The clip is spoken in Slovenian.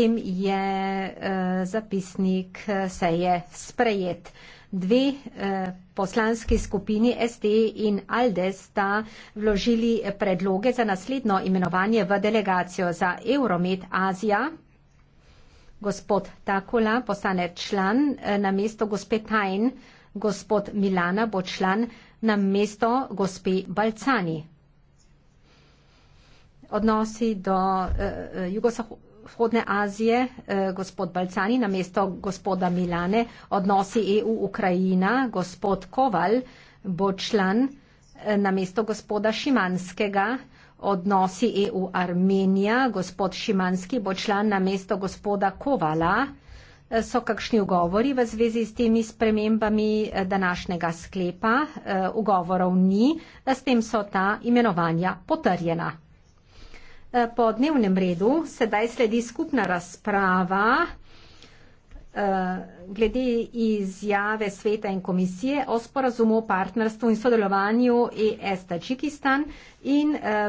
tem je eh, zapisnik eh, seje sprejet. Dve eh, poslanski skupini SD in ALDE sta vložili predloge za naslednjo imenovanje v delegacijo za Euromed Azija. Gospod Takula postane član na mesto gospe Tajn, gospod Milana bo član na mesto gospe Balcani odnosi do uh, eh, eh, jugozahodne Azije, uh, gospod Balcani, na mesto gospoda Milane, odnosi EU-Ukrajina, gospod Koval bo član na mesto gospoda Šimanskega, odnosi EU-Armenija, gospod Šimanski bo član na mesto gospoda Kovala. So kakšni ugovori v zvezi s temi spremembami današnjega sklepa? Ugovorov ni, s tem so ta imenovanja potrjena. Eh, po dnevnem redu. Sedaj sledi skupna razprava eh, glede izjave sveta in komisije o sporazumu o partnerstvu in sodelovanju ES Tačikistan in eh,